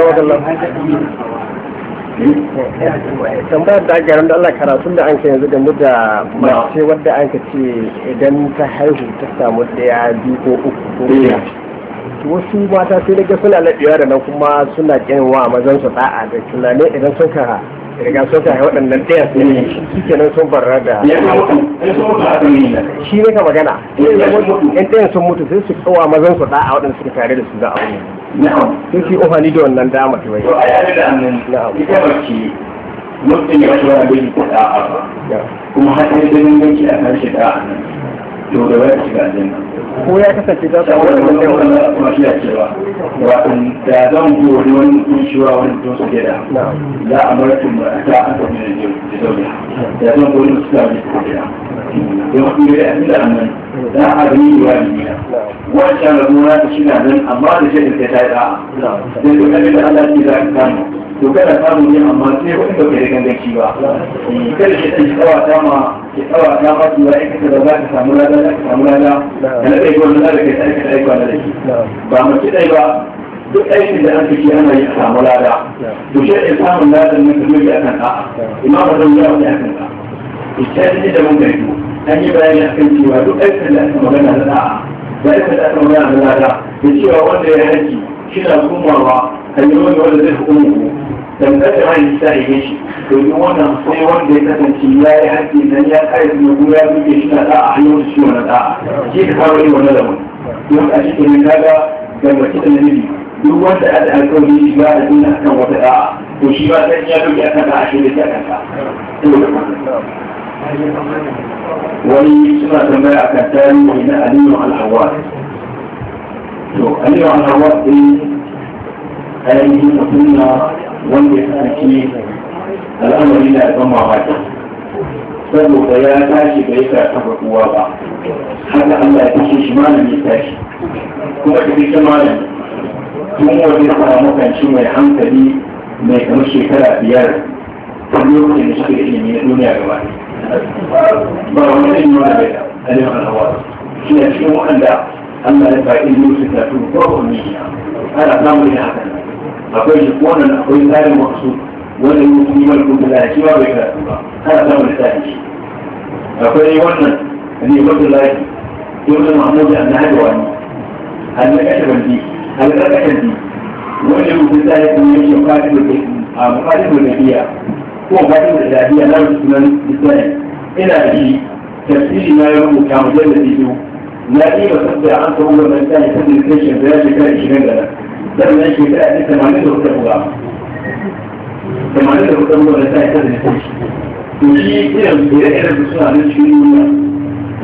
tambayar da ake da Allah karatun da an ka yanzu da da mace wadda an ce idan ta haihu ta samu daya biyu ko uku ko wasu mata sai daga suna laɗewa da nan kuma suna kyanwa mazan su da'a da tunanin idan sun kara riga sun sa waɗannan ɗaya su ne shi nan sun barra da shi ne ka magana in ɗayan sun mutu sai su kawa mazan su ɗa'a waɗanda suke tare da su za a wani sun fi yi ofani da wannan dama ta wai mutum ya shi wani bai a ba kuma haɗe da a kan shi nan to da ko ya kasance za ta wani wanda ya wani kuma shi ya cewa wato da zan ko wani wani kunshiwa wani don su gida za a mara tun ba ta an tafi da zaune da zan ko wani su ta wani su gida don kuma ya yi da annan ذهبي والمينا وإنشاء مضمونة تشينا من أما لشيء الكتاب آه لذلك أبدا أن لا تزاك كامو to kada samu ne amma sai wani ba kai gangan ci ba kada shi ta tsawa ta ma ki tsawa ta ma ki wai kada za ka samu lada za ka samu lada kana dai gwan da kai sai ka dai gwan da shi ba mu ki dai ba duk aikin da aka yi ana yi a samu lada to shi ya samu lada ne kuma ya kan ka imam da ya kan ka ita ne da mun gani an yi bayani a kan cewa duk aikin da aka magana da da'a da aikin da aka magana da da'a da cewa wanda ya haji shi na kumawa hanyoyi wanda zai hukumi ku dan kada ma yi sa yi shi domin wannan sai wanda ya kasance ya yi haji nan ya kai da ku ya duke shi na da'a hanyoyin shi wannan da'a shi ka kawo ne wannan lamun don a cikin kaga ga mutum da nabi duk wanda ya da alƙawari shi ba da dina kan wata da'a to shi ba sai ya duke akan da'a shi da ta kanka wani suna tambaya a kan tarihi na aliyu al'awar to aliyu al'awar ɗin ainihin mutum na wanda ya kasance al'amari na ban mamaki saboda ya tashi bai ka taba kowa ba haka Allah ya kashe shi malam ya tashi kuma ka kashe malam tun wani sa makanci mai hankali mai kamar shekara biyar tun lokacin da suka ilimi na duniya gaba ɗaya ba wani ɗan yana bai da ɗan yana hawa shi ne cikin waɗanda Allah ya ba ilmi su ta tun ko wani ya ana samun ya haka akwai shi wannan akwai tsarin wasu wanda yi kuma yi kuma da shi ba bai karatu ba ana samun tsarin shi akwai wannan ne wata lafi yau mahmudu an hajji wani an na kashe bandi an na kashe bandi wanda mutum tsarin kuma yake kwaɗi da a kwaɗi da biya وما إن الذي لا يسمن بسنة إلى به تفسير ما يروم كمجلد فيه لا إيه وصدع عن تقول من كان يسمن الكشف بلا شكاء إشمالنا ده من الشكاء الثمانين وكتبوا ثمانين وكتبوا من كان يسمن الكشف وشي إلى إلى بسنة للشيء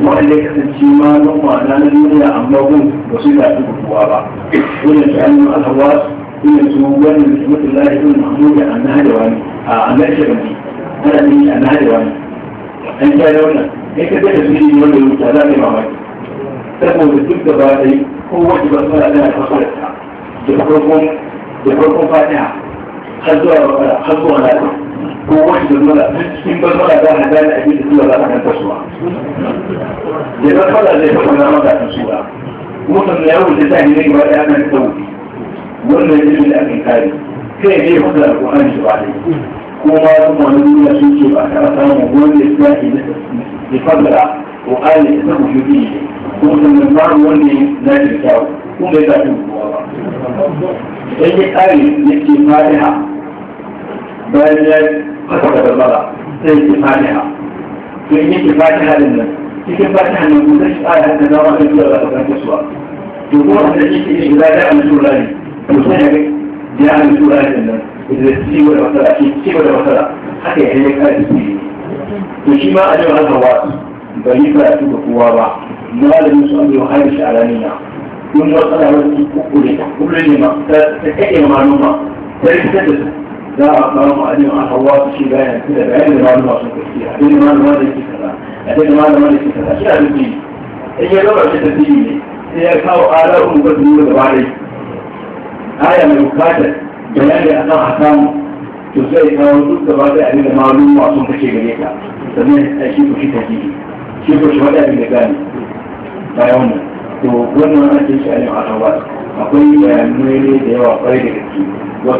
wanda ya kasance ma don ma'ana na duniya amma gun ba su zafi kowa ba irin su annu alhawas irin su wannan mutum lahi ibn mahmud an na da wani a amerika mai ana yi a nahari wani an kya da wannan ya ka da su yi wanda wuta za ka yi mamaki saboda duk da ba da yi kowace ba tsara da fasara ta da farkon da farkon fatiha har zuwa bakara har zuwa lafiya kowace basmala cikin basmala za a gane abin da sura za a kanta suwa da basmala zai fara nama kafin sura kuma sannan ya wuce ta ne ne ba da ya kanta wuce wannan ilimin da ake kare kai ne wanda alƙur'ani shi ba dai kuma su wani duniya sun ce ba ka rasa mu wanda ya tsaki da fadara ƙur'ani da sabu shi ne kuma sannan babu wanda ya zafi kyawu kuma bai zafi kowa ba idan ya ƙare ya ce fatiha bayan ya fasa da barbara sai ya ce fatiha to in ya ce fatiha din nan cikin fatiha ne ko zai shi ƙara haka zama da zuwa da kasuwa to kuma wanda ya ce shi zafi a mutum rani to sai ya يعني سؤال لنا إذا تسيب ولا مثلا أكيد تسيب ولا مثلا حتى يحيي لك هذا السيء وشي ما أجل هذا الوقت بل يفلا أتوب قوابا ما لم يسأل يحارش على منا كل مثلا وقت كل كل لما تتكلم معلومة فلسدس لا أقام أدين عن الله شيء بيان كذا بيان المعلومة عشان كثير أدين المعلومة ليس كذا أدين المعلومة ليس كذا شيء أدين هي لو عشان تدين هي كاو آلاء مبتدئين بعدين aya mai bukatar bayani a kan samu to sai wasu duk ba ta yi da malum masu kace gare ka sannan a shi ku shi tafi shi ku shi wada abin da gani bayan wannan to wannan an ce shi alim a akwai bayanai da yawa kwarai da gaske